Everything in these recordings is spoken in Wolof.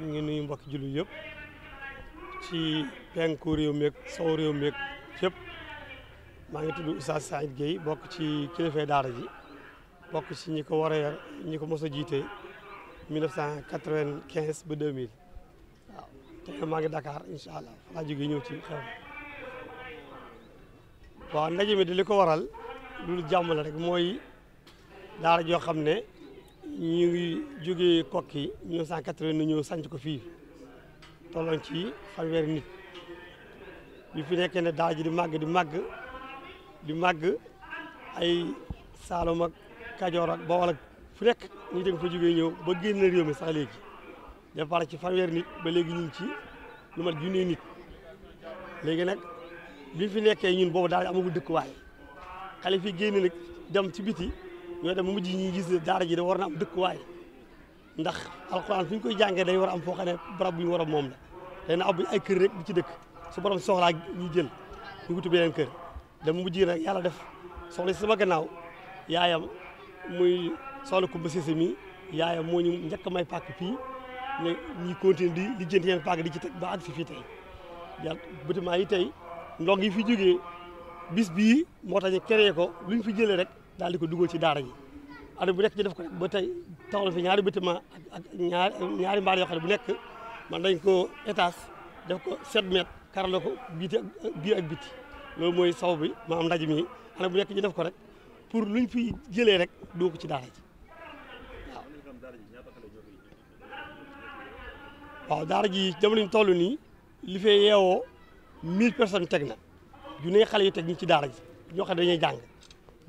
ñu ngi nuyu mbokki jullit yëpp ci penku réew meeg sow réew meeg yëpp maa ngi tudd Oustaz Saïd Gueye bokk ci kilifay daara ji bokk ci ñi ko war a ñi ko mos a jiite 1995 ba 2000 waaw te maa ngi dakaar incha allah laa jógee ñëw ci xew ndaje mi di li waral loolu jàmm la rek mooy daara joo xam ne ñu ngi jógee Kokki 1980 ñëw sànc ko fii tolloon ci fanweeri nit bi fi nekkee ne daa ji di màgg di màgg di màgg ay Saalum ak Kajoor ak Bawol ak fu nekk ñu dem fa jógee ñëw ba génn réew mi sax léegi a ci fanweeri nit ba léegi ñu ci lu mat junni nit léegi nag bi fi nekkee ñun boobu daal amagul dëkkuwaay xale fi génn nag dem ci biti ñoo dem mu mujj ñuy gis ne daara ji da war na dëkk dëkkuwaay ndax alxuraan fi ñu koy jàngee day war a am foo xam ne barab bu ñu war a moom la day na ab ay kër rek bi ci dëkk su borom soxlaa ñu jël ñu ko beneen kër dama mujj nag yàlla def soxla sama gannaaw yaayam muy soxla Kumba Sise mi yaayam moo ñu njëkk may pàkk fii ne ñuy continuer di lijjanti yeneen pàkk di ci teg ba ak si fii tey yàlla bâtiment yi tey ndong yi fi jógee bis bii moo tax ñu ko lu ñu fi jëlee rek daal ko dugal ci daara ji année bu nekk ñu def ko ba tey taxawal fi ñaari bâtiment ak ñaari ñaari mbaar yoo xam ne bu nekk ma dañ ko étage def ko 7 mètres karale ko biiti ak biir ak biti loolu mooy saw bi maanaam ndaje mi année bu nekk ñu def ko rek pour luñ fi jëlee rek doo ko ci daara ji waaw. daara ji jamono ñu toll nii li fee yeewoo 1000 personnes teg na junne xale yi teg ñu ci daara ji ñoo xam ne dañuy jàng.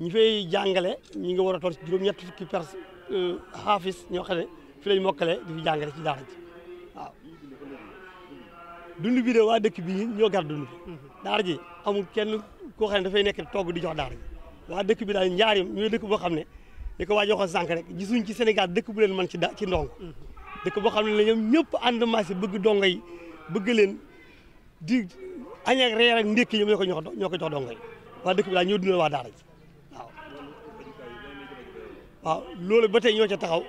ñi fay jàngale ñi ngi war a toll ci juróom ñett fukki pers euh, xaafis ñoo xam ne lañ mokkale di fi jàngale ci daara ji waaw dund bi de waa dëkk bi ñoo gar dund daara ji amul kenn koo xam ne dafay nekk toog di jox daara ji waa dëkk bi daal njaarim ñooy dëkk boo xam ne li ko waajoo xoon sànq rek gisuñ ci Sénégal dëkk bu leen man ci da ci ndong dëkk boo xam ne la ñoom ñëpp ànd marché bëgg dongo yi bëgg leen di añ ak reer ak ñoo ko ñoo ko jox dëkk bi daal ñoo waa daara ji waaw loolu ba tey ñoo ca taxaw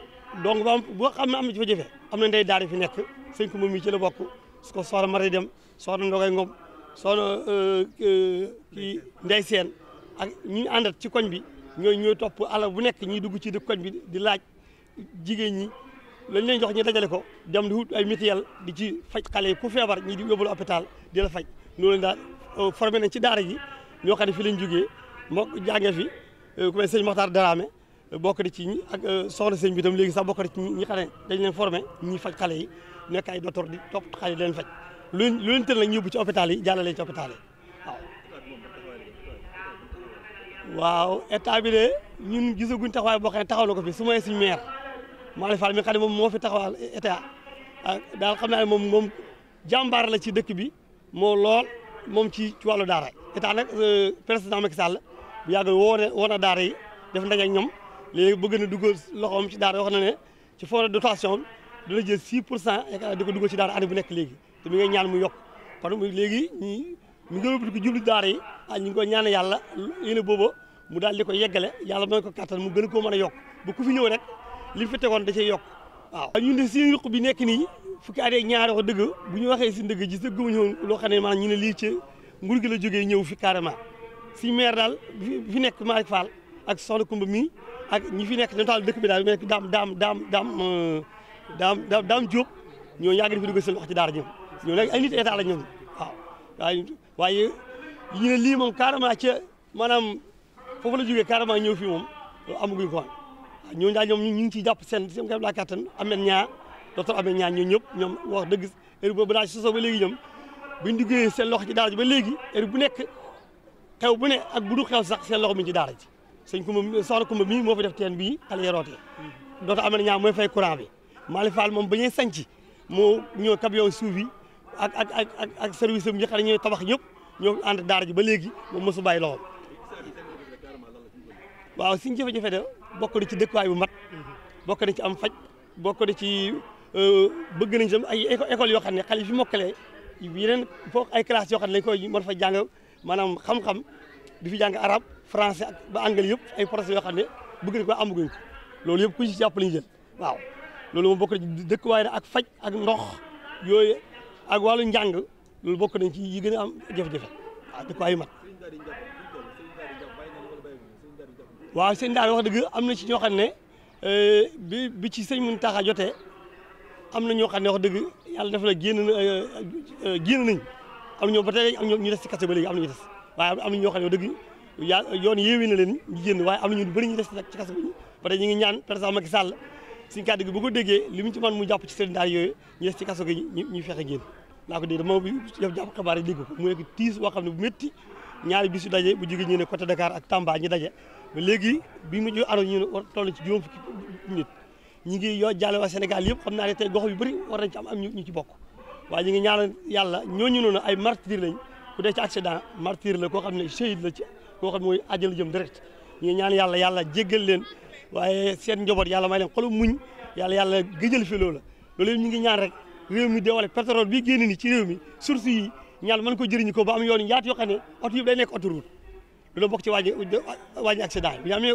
donc ba boo xam ne am na jafe-jafe am na ndey daara fi nekk sëñ ko moom mii ci la bokk su ko soxna Mari dem soxna Ndogay Ngom soxna euh, euh, kii Ndey Seen ak ñi àndat ci koñ bi ñooy ñooy topp ala bu nekk ñuy dugg ci koñ bi di laaj jigéen ñi lañ leen jox ñu dajale ko dem di wut ay mutuelle di ci faj xale ku feebar ñii di yóbbul hôpital di la faj loolu daal euh, formé nañ ci daar ji ñoo xam ne fi lañ jógee moo jàngee fi ku mel sëñ Moxtaar Daraame bokk di ci ñi ak euh, soxna sëñ bi tam léegi sax bokk na ci ñi xam dañ leen formé ñi faj xale yi nekk ay docteur di topp xale yi leen faj lu lu leen tël nag ñëbbu ci hôpital yi jàllale ci hôpital yi waaw waaw bi de ñun gisaguñ taxawaay boo xam ne taxaw na ko fi su may suñ maire Malick Fall mi xam moom moo fi taxawal état daal xam naa ne moom moom jàmbaar la ci dëkk bi moo lool moom ci ci wàllu daara état nag euh, président Macky Sall bu yàgg woo na woo na daara yi def ndaje ak ñoom léegi bëgg na dugal loxoom ci daara wax na ne ci fond de dotation bi dina jël 6 pour cent yaakaar di ko dugal ci daara année bu nekk léegi te mi ngay ñaan mu yokk kon léegi mu mi ngi wëlbati ko jublu daara yi ah ñu ngi koy ñaan yàlla yéene booba mu daal di ko yeggale yàlla mooy ko kattan mu gën koo mën a yokk ba ku fi ñëw rek li fi tegoon da cay yokk waaw ñun de si ruq bi nekk nii fukki at ak dëgg bu ñu waxee si ndëgg gis dëgguma ñëw loo xam ne maanaam ñu ne lii ci nguur gi la jógee ñëw fi carrément si maire daal fi nekk Malick Fall ak soxna Koumba mii ak ñi fi nekk notamment dëkk bi daal nekk daam daam daam daam euh, daam daam Diop ñoo yàgg nañ seen wax ci daara ñoom ñoo nag ay nit waaye lii moom carrément ca maanaam foofu la jógee carrément ñëw fii moom amaguñ ko woon waaw ñooñu daal ñu ngi ciy jàpp seen seen kéem laa kattan ameen ñaa docteur ameen ñaa ñoo ñëpp ñoom wax dëgg boobu daal sosoo ba léegi ñoom buñ duggee seen loxo ci daara ba léegi heure bu nekk xew bu ne ak bu du xew sax seen loxo mi ci daara ji sëñ Kumba soxna Kumba mii moo fi def teen bii xale yeroot yi doota amee ñaar mooy fay courant bi Malick faal moom ba ñuy sanc moo ñoo camion suuf yi ak ak ak ak ak service am yi xam ne ñooy tabax ñëpp ñoo ànd daara ji ba léegi moom mosu bàyyi loxoom waaw suñu jafe-jafe de bokk na ci dëkkuwaay bu mat bokk na ci am faj bokk na ci euh, bëgg nañ tam ay école yoo xam ne xale yi fi mokkalee yeneen foo ay classes yoo xam ne lañ koy mën fa jàng maanaam xam-xam di fi arab français ak ba anglais yëpp ay projets yoo xam ne bëgg nañ ko amaguñ ko loolu yëpp ku ci jàpp la ñu jël waaw loolu moom bokk nañ dëkkuwaay ak faj ak ndox yooyu ak wàllu njàng loolu bokk nañ ci yi gën a am jafe-jafe waaw dëkkuwaay yu mat waaw sëñ dëgg am na ci ñoo xam ne eh, bi bi ci sëñ Mountakha jotee am na ñoo xam ne wax dëgg yàlla def na génn eh, eh, génn nañ am na ñoo ba tey am ñu des ci kase ñu des waaye am na dëgg yaa yoon yéewi na leen ñu génn waaye am na ñu bëri ñu des ci kaso bi ba tey ñu ngi ñaan président Macky Sall suñ kàddu gi bu ko déggee ci man mu jàpp ci seen daal yooyu ñu des ci kaso gi ñu ñu ko dee dama bi yof jàpp xabaar mu nekk tiis boo xam ne bu métti ñaari bis yu daje bu jógee ñu ne côté Dakar ak Tamba ñu daje léegi bi mu jo aro ñu ne war toll ci juróom fukki nit ñi ngi yoo jaale waa Sénégal yëpp xam naa ne tey yu bëri war nañ ci am ñu ci bokk waaye ñu ngi ñaanal yàlla ñooñu noonu ay martyr lañ ku dee ci accident martyr la koo xam ne shahid la ci koo xam mooy àjjana jëm direct ñu ñaan yàlla yàlla jéggal leen waaye seen njaboot yàlla may leen xolu muñ yàlla yàlla gëjal fi loola loolu ñu ngi ñaan rek réew mi de wala pétrole bi génn ni ci mi source ñaan mën ko jëriñu ko ba am yoon yaatu yoo ne oto yi day nekk autoroute loolu bokk ci wàññi wàññi accident yi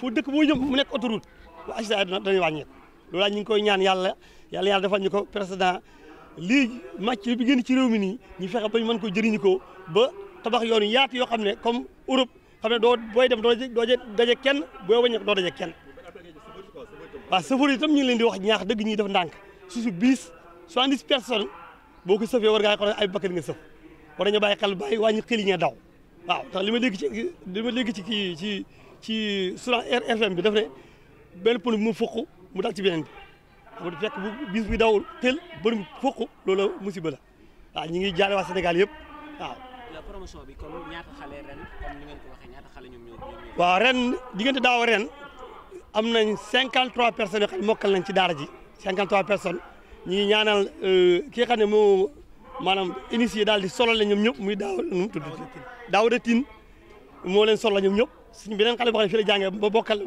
bu dëkk boo jëm mu nekk autoroute bu accident yi dañuy wàññeeku loolu ñu ngi koy ñaan yàlla yàlla defal ñu ko président lii màcc bi génn ci mi nii ñu fexe ba ñu mën tabax yoon yu yaatu yoo xam ne comme Europe xam ne doo booy dem doo doo daje kenn booy wàññeeku doo daje kenn waaw safar yi tam ñu ngi leen di wax ñaax dëgg ñuy def ndànk su su biis soixante-dix personnes boo ko sëfee war ngaa xool ay bakkan nga sëf war nañu bàyyi xel bàyyi wàññi xel yi ñee daw waaw ndax li ma dégg ci li ma dégg ci kii ci ci suran RFM bi daf ne benn pënu mu fukk mu dal ci beneen bi bu fekk bu bis bi dawul teel bëri mu fukk loolu musiba la waaw ñu ngi jaar waa senegal yëpp waaw promotion ren ko waxee ñaata xale ñoom ñoo waaw ren diggante daaw ren am nañ 53 personnes yoo xam mokkal nañ ci daara ji 53 personnes ñu ngi ñaanal euh, ki nga ne moo maanaam initié daal di solo la ñoom ñëpp muy daaw nu tudd daaw de tin moo leen solo ñoom ñëpp suñu beneen xale boo xam ne fii la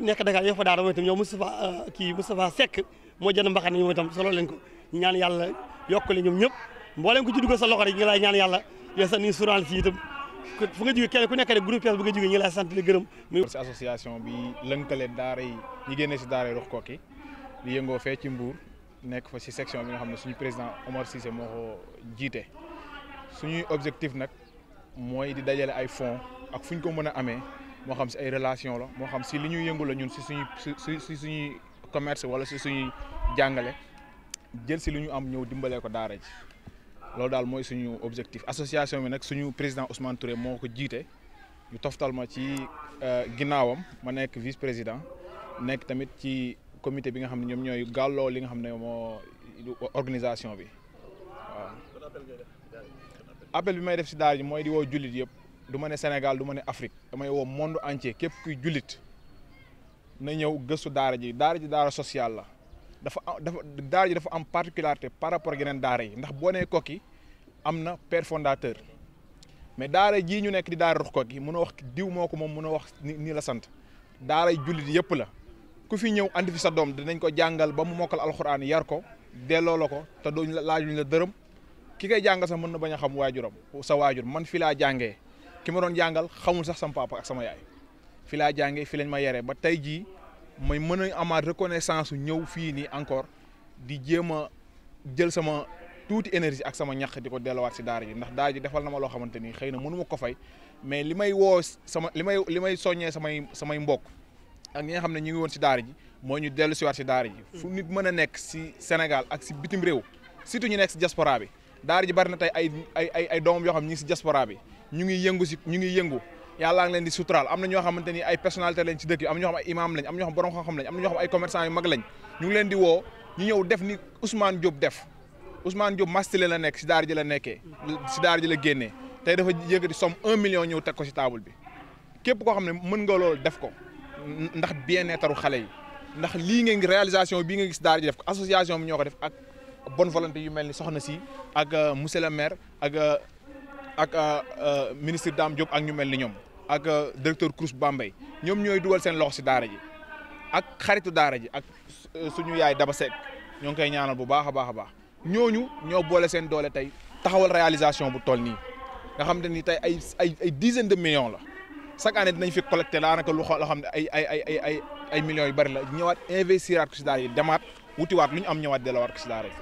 nekk Dakar yoo fa daara mooy itam ñoom Moustapha euh, kii Moustapha Seck moo jënd ñoom itam solo leen ko ñu ñaan yàlla yokkale ñoom ñëpp mbooleem ko ci duggal sa loxo rek lay ñaan yàlla yoo sax ni sural si itam fu nga jógee kenn ku nekk rek groupe bu nga jógee ñu laa sant di gërëm si association bi lënkale daara yi ñi génnee si daara yi Rox di yëngoo fee ci Mbour nekk fa si section bi nga xam ne suñu président Omar Cissé moo ko jiite suñuy objectif nag mooy di dajale ay fonds ak fu ñu ko mën a amee moo xam si ay relation la moo xam si li ñuy yëngu ñun si suñuy si suñuy commerce wala si suñuy jàngale jël si lu ñu am ñëw dimbalee ko daara loolu daal mooy suñu objectif association bi nag suñu président Ousmane Touré moo ko jiite ñu toftal ma ci euh, ginnaawam ma nekk vice président nekk tamit ci comité bi nga xam ne ñoom ñooy gàlloo li nga xam ne moo organisation bi waaw. appel bi may def si daara ji mooy di woo jullit yëpp du ma ne Sénégal du ma ne Afrique damay woo monde entier képp kuy jullit na ñëw gëstu daara ji daara ji daara social la. dafa dafa daara ji dafa am particularité par rapport ak yeneen daara yi ndax boo nee Koki am na père fondateur mais daara jii ñu nekk di daara Rox Koki a wax diw moo ko moom a wax nii la sant daara jullit yëpp la ku fi ñëw andi fi sa doom dinañ ko jàngal ba mu mokkal alxuraan yar ko delloo la ko te dooñu la laajuñ la dërëm ki koy jàngal sax mën na bañ a xam waajuram sa waajur man fi laa jàngee ki ma doon jàngal xamul sax sama papa ak sama yaay fi laa jàngee fi lañ ma yaree ba tey jii. may mën a amaat reconnaissance su ñëw fii nii encore di jéem a jël sama tuuti énergie ak sama ñaq di ko delluwaat si daara ji ndax daara ji defal na ma loo xamante ni xëy na mënuma ko fay mais li may woo sama li may li may soññee samay samay mbokk ak ñi nga xam ne ñu ngi woon si daara ji moo ñu dellu siwaat si daara ji fu nit mën a nekk si Sénégal ak si bitim réew surtout ñu nekk si diaspora bi daara ji bari na tey ay ay ay doomam yoo xam ñu ngi si diaspora bi ñu ngi yëngu si ñu ngi yëngu yàllaa ngi leen di suturaal am na ñoo xamante ni ay personnalité am na ñoo xam ay imam lañ am ñoo xam borom xam-xam am na ñoo xam ay commerçant yu mag lañ ñu ngi leen di woo ñu ñëw def ni Ousmane Diop def Ousmane Diop mastile la nekk si daara ji la nekkee si daara ji la tey dafa yëkkati somme un million ñëw teg ko si table bi képp koo xam ne mën nga lool def ko ndax bien-être xale yi ndax lii ngeen réalisation bii nga gis daara ji def ko association bi ñoo ko def ak bon volonté yu mel ni soxna si ak euh, monsieur le maire ak euh, ak euh, ministre Dame Diop ak ñu mel ni ñoom ak euh, directeur Crous Bambey ñoom ñooy dugal seen loxo si daara ji ak xaritu daara ji ak euh, suñu yaay Daba Seck ñoo ngi koy ñaanal bu baax a baax a baax ñooñu ñoo boole seen doole tey taxawal réalisation bu toll nii nga xam te ni tey ay ay ay dizaine de million la chaque année dinañ fi collecté daanaka lu loo xam ne ay ay ay ay ay yu bari la ñëwaat investiraat ko si daara yi demaat wutiwaat lu ñu am ñëwaat delloowaat ko si daara yi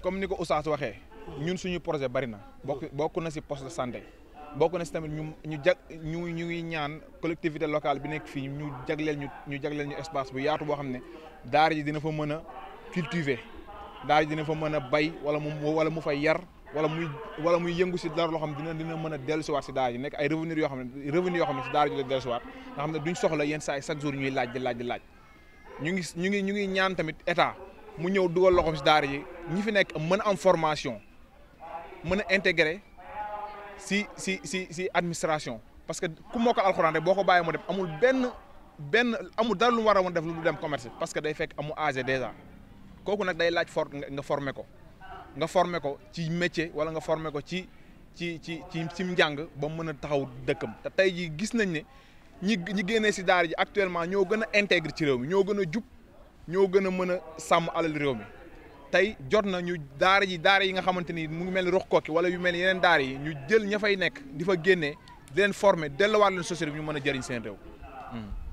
comme ni ko Oustaz waxee. ñun suñu projet bari na. bokk bokk na si poste de santé. bokk na si tamit ñu ñu jag ñu ñu ngi ñaan collectivité locale bi nekk fii ñu jagleel ñu ñu jagleel ñu espace bu yaatu boo xam ne daara ji dina fa mën a cultiver daara ji dina fa mën a bay wala mu wala mu fay yar wala muy wala muy yëngu si loo xam dina dina mën a dellusiwaat si daara ji nekk ay revenus yoo xam ne revenus yoo xam ne si daara ji la dellusiwaat nga xam ne duñ soxla yenn saa yi chaque ñu ngi ñu ñu ngi ñaan tamit état mu ñëw dugal loxoom si daara ji ñi fi nekk mën am formation. mën a intégrer si si si si administration parce que ku moo ko alxuraan rek boo ko bàyyee mu dem amul benn benn amul dara lu mu war a woon def lu du dem commerce parce que day fekk amu âgé déjà kooku nag day laaj for nga former ko nga former ko ci métier wala nga former ko ci ci ci ci ci njàng ba mën a taxaw dëkkam te tey jii gis nañ ne ñi ñi génnee si daara ji actuellement ñoo gën a intègre ci réew mi ñoo gën a jub ñoo gën a mën a sàmm alal réew mi tey jot na ñu daara ji daara yi nga xamante ni mu ngi mel ni rox kokki wala yu mel ni yeneen daara yi ñu jël ña fay nekk di fa génnee di leen former delluwaat leen société bi ñu mën a jariñ seen réew hmm.